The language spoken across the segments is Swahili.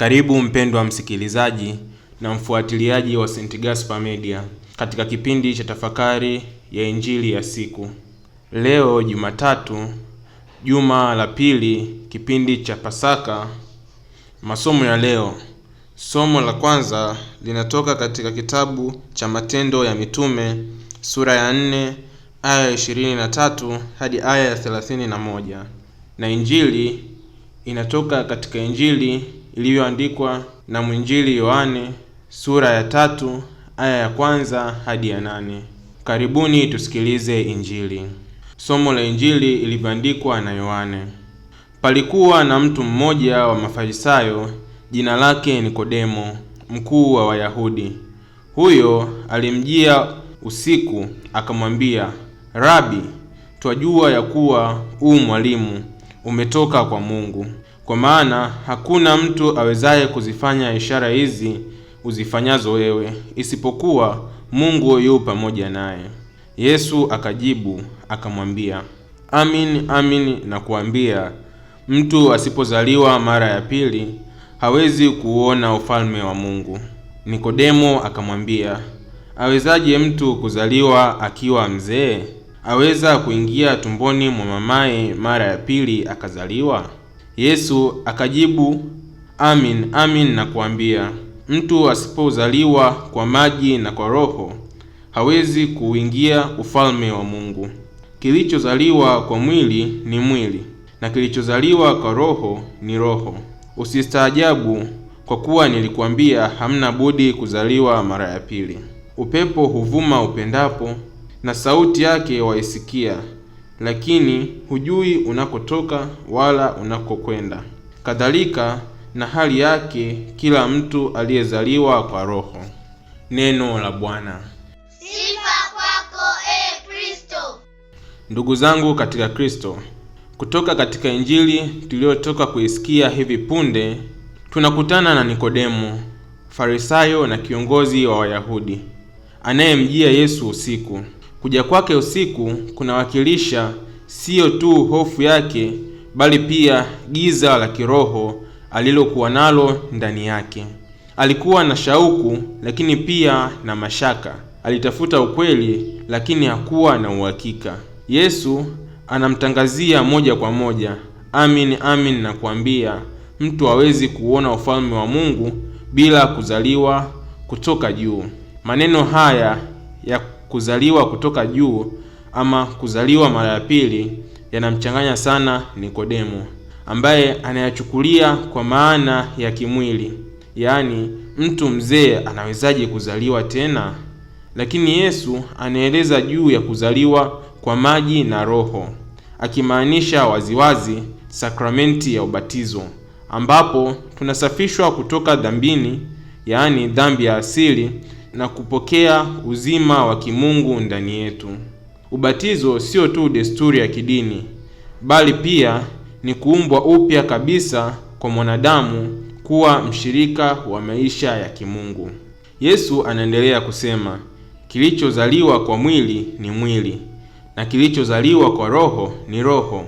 Karibu mpendwa msikilizaji na mfuatiliaji wa St. Gaspar Media katika kipindi cha tafakari ya injili ya siku. Leo Jumatatu, juma la pili, kipindi cha Pasaka. Masomo ya leo, somo la kwanza linatoka katika kitabu cha Matendo ya Mitume sura ya 4 aya 23 hadi aya ya 31, na injili inatoka katika Injili iliyoandikwa na mwinjili Yohane sura ya tatu aya ya kwanza hadi ya nane. Karibuni tusikilize Injili. Somo la Injili ilivyoandikwa na Yohane. Palikuwa na mtu mmoja wa Mafarisayo, jina lake Nikodemo, mkuu wa Wayahudi. Huyo alimjia usiku akamwambia, Rabi, twajua ya kuwa u mwalimu umetoka kwa Mungu kwa maana hakuna mtu awezaye kuzifanya ishara hizi uzifanyazo wewe, isipokuwa Mungu yu pamoja naye. Yesu akajibu akamwambia, amin amin nakuambia, mtu asipozaliwa mara ya pili hawezi kuuona ufalme wa Mungu. Nikodemo akamwambia, awezaje mtu kuzaliwa akiwa mzee? Aweza kuingia tumboni mwa mamaye mara ya pili akazaliwa? Yesu akajibu, amin amin nakuambia, mtu asipozaliwa kwa maji na kwa Roho hawezi kuingia ufalme wa Mungu. Kilichozaliwa kwa mwili ni mwili, na kilichozaliwa kwa roho ni roho. Usistaajabu, kwa kuwa nilikuambia hamna budi kuzaliwa mara ya pili. Upepo huvuma upendapo, na sauti yake waisikia lakini hujui unakotoka wala unakokwenda. Kadhalika na hali yake kila mtu aliyezaliwa kwa Roho. Neno la Bwana. Sifa kwako e Kristo. Ndugu zangu katika Kristo, kutoka katika injili tuliyotoka kuisikia hivi punde, tunakutana na Nikodemo, Farisayo na kiongozi wa Wayahudi, anayemjia Yesu usiku. Kuja kwake usiku kunawakilisha siyo tu hofu yake, bali pia giza la kiroho alilokuwa nalo ndani yake. Alikuwa na shauku, lakini pia na mashaka. Alitafuta ukweli, lakini hakuwa na uhakika. Yesu anamtangazia moja kwa moja, amin amin nakwambia, mtu hawezi kuona ufalme wa Mungu bila kuzaliwa kutoka juu. Maneno haya ya kuzaliwa kutoka juu ama kuzaliwa mara ya pili yanamchanganya sana Nikodemo, ambaye anayachukulia kwa maana ya kimwili, yaani mtu mzee anawezaje kuzaliwa tena? Lakini Yesu anaeleza juu ya kuzaliwa kwa maji na Roho, akimaanisha waziwazi sakramenti ya ubatizo, ambapo tunasafishwa kutoka dhambini, yaani dhambi ya asili na kupokea uzima wa kimungu ndani yetu. Ubatizo sio tu desturi ya kidini, bali pia ni kuumbwa upya kabisa kwa mwanadamu kuwa mshirika wa maisha ya kimungu. Yesu anaendelea kusema, kilichozaliwa kwa mwili ni mwili na kilichozaliwa kwa roho ni roho.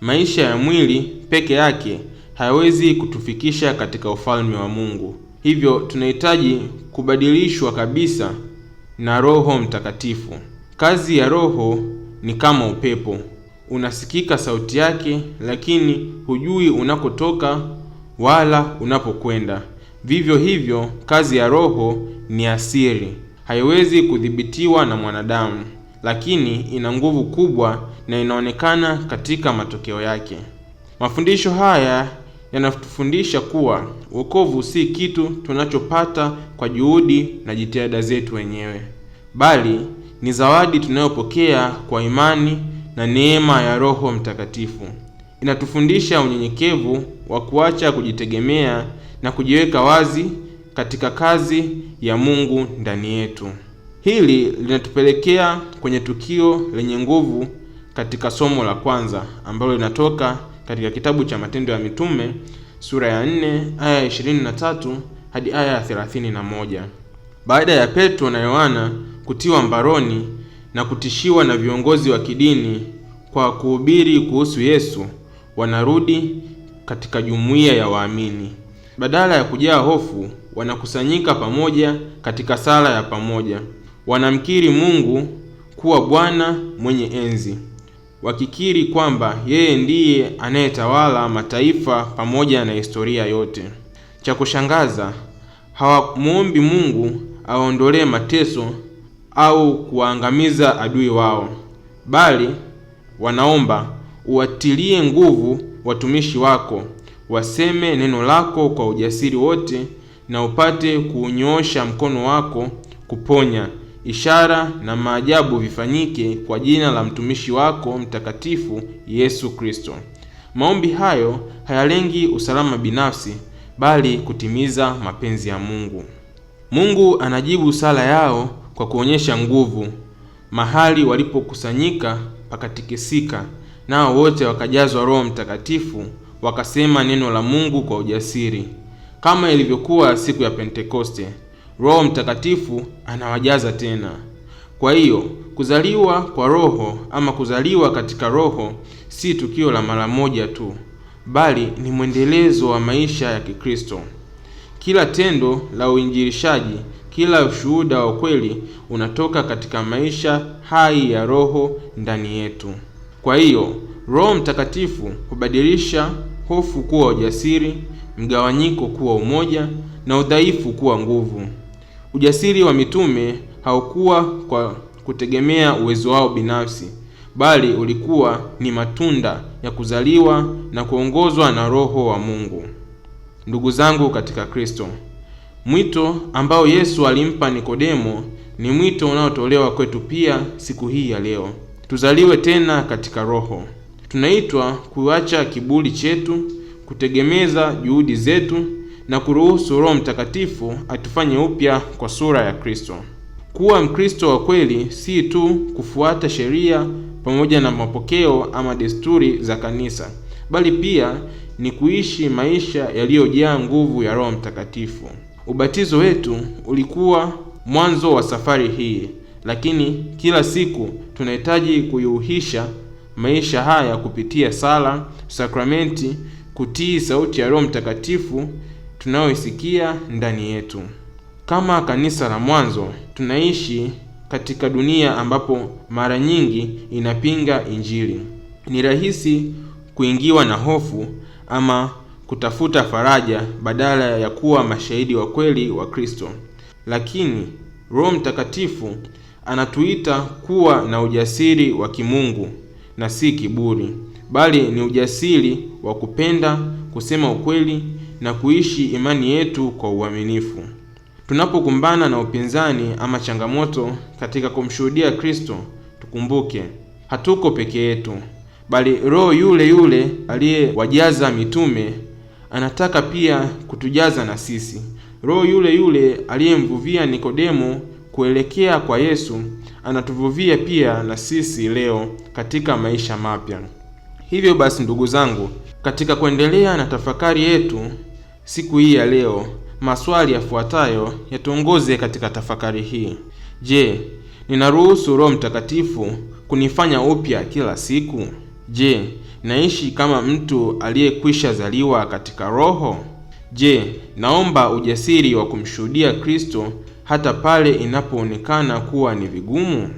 Maisha ya mwili peke yake hayawezi kutufikisha katika ufalme wa Mungu. Hivyo tunahitaji kubadilishwa kabisa na Roho Mtakatifu. Kazi ya Roho ni kama upepo, unasikika sauti yake, lakini hujui unakotoka wala unapokwenda. Vivyo hivyo, kazi ya Roho ni asiri, haiwezi kudhibitiwa na mwanadamu, lakini ina nguvu kubwa na inaonekana katika matokeo yake. Mafundisho haya yanatufundisha kuwa wokovu si kitu tunachopata kwa juhudi na jitihada zetu wenyewe, bali ni zawadi tunayopokea kwa imani na neema ya Roho Mtakatifu. Inatufundisha unyenyekevu wa kuacha kujitegemea na kujiweka wazi katika kazi ya Mungu ndani yetu. Hili linatupelekea kwenye tukio lenye nguvu katika somo la kwanza ambalo linatoka katika kitabu cha Matendo ya Mitume sura ya 4 aya ya 23 hadi aya ya 31. Baada ya Petro na Yohana kutiwa mbaroni na kutishiwa na viongozi wa kidini kwa kuhubiri kuhusu Yesu, wanarudi katika jumuiya ya waamini. Badala ya kujaa hofu, wanakusanyika pamoja katika sala ya pamoja, wanamkiri Mungu kuwa Bwana mwenye enzi wakikiri kwamba yeye ndiye anayetawala mataifa pamoja na historia yote. Cha kushangaza, hawamwombi Mungu awaondolee mateso au kuwaangamiza adui wao, bali wanaomba uwatilie nguvu watumishi wako, waseme neno lako kwa ujasiri wote, na upate kuunyoosha mkono wako kuponya ishara na maajabu vifanyike kwa jina la mtumishi wako mtakatifu Yesu Kristo. Maombi hayo hayalengi usalama binafsi, bali kutimiza mapenzi ya Mungu. Mungu anajibu sala yao kwa kuonyesha nguvu. Mahali walipokusanyika pakatikisika, nao wote wakajazwa Roho Mtakatifu, wakasema neno la Mungu kwa ujasiri, kama ilivyokuwa siku ya Pentekoste. Roho Mtakatifu anawajaza tena. Kwa hiyo kuzaliwa kwa Roho ama kuzaliwa katika Roho si tukio la mara moja tu, bali ni mwendelezo wa maisha ya Kikristo. Kila tendo la uinjilishaji, kila ushuhuda wa kweli unatoka katika maisha hai ya Roho ndani yetu. Kwa hiyo Roho Mtakatifu hubadilisha hofu kuwa ujasiri, mgawanyiko kuwa umoja, na udhaifu kuwa nguvu. Ujasiri wa mitume haukuwa kwa kutegemea uwezo wao binafsi, bali ulikuwa ni matunda ya kuzaliwa na kuongozwa na Roho wa Mungu. Ndugu zangu katika Kristo, mwito ambao Yesu alimpa Nikodemo ni mwito unaotolewa kwetu pia siku hii ya leo. Tuzaliwe tena katika Roho. Tunaitwa kuacha kiburi chetu, kutegemeza juhudi zetu na kuruhusu Roho Mtakatifu atufanye upya kwa sura ya Kristo. Kuwa Mkristo wa kweli si tu kufuata sheria pamoja na mapokeo ama desturi za kanisa, bali pia ni kuishi maisha yaliyojaa nguvu ya Roho Mtakatifu. Ubatizo wetu ulikuwa mwanzo wa safari hii, lakini kila siku tunahitaji kuyuhisha maisha haya kupitia sala, sakramenti, kutii sauti ya Roho Mtakatifu tunayoisikia ndani yetu. Kama kanisa la mwanzo, tunaishi katika dunia ambapo mara nyingi inapinga Injili. Ni rahisi kuingiwa na hofu ama kutafuta faraja badala ya kuwa mashahidi wa kweli wa Kristo. Lakini Roho Mtakatifu anatuita kuwa na ujasiri wa kimungu na si kiburi, bali ni ujasiri wa kupenda kusema ukweli na kuishi imani yetu kwa uaminifu. Tunapokumbana na upinzani ama changamoto katika kumshuhudia Kristo, tukumbuke hatuko peke yetu, bali Roho yule yule aliyewajaza mitume anataka pia kutujaza na sisi. Roho yule yule aliyemvuvia Nikodemo kuelekea kwa Yesu anatuvuvia pia na sisi leo katika maisha mapya. Hivyo basi, ndugu zangu, katika kuendelea na tafakari yetu Siku hii ya leo, maswali yafuatayo yatuongoze katika tafakari hii. Je, ninaruhusu Roho Mtakatifu kunifanya upya kila siku? Je, naishi kama mtu aliyekwisha zaliwa katika Roho? Je, naomba ujasiri wa kumshuhudia Kristo hata pale inapoonekana kuwa ni vigumu?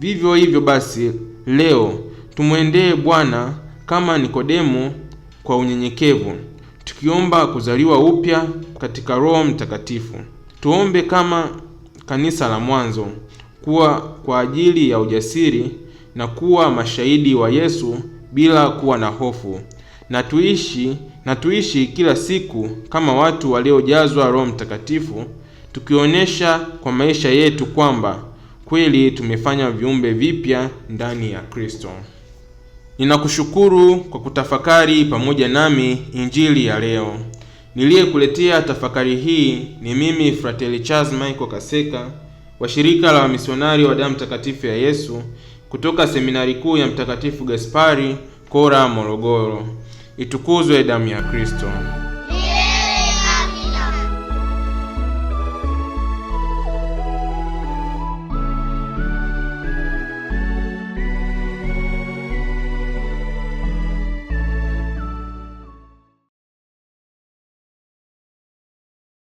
Vivyo hivyo basi, leo tumwendee Bwana kama nikodemu kwa unyenyekevu tukiomba kuzaliwa upya katika Roho Mtakatifu. Tuombe kama kanisa la mwanzo kuwa kwa ajili ya ujasiri na kuwa mashahidi wa Yesu bila kuwa na hofu, na tuishi na tuishi kila siku kama watu waliojazwa Roho Mtakatifu, tukionyesha kwa maisha yetu kwamba kweli tumefanya viumbe vipya ndani ya Kristo. Ninakushukuru kwa kutafakari pamoja nami injili ya leo. Niliyekuletea tafakari hii ni mimi Frateli Charles Michael Kaseka wa shirika la wamisionari wa damu takatifu ya Yesu kutoka seminari kuu ya Mtakatifu Gaspari Kora, Morogoro. Itukuzwe damu ya Kristo!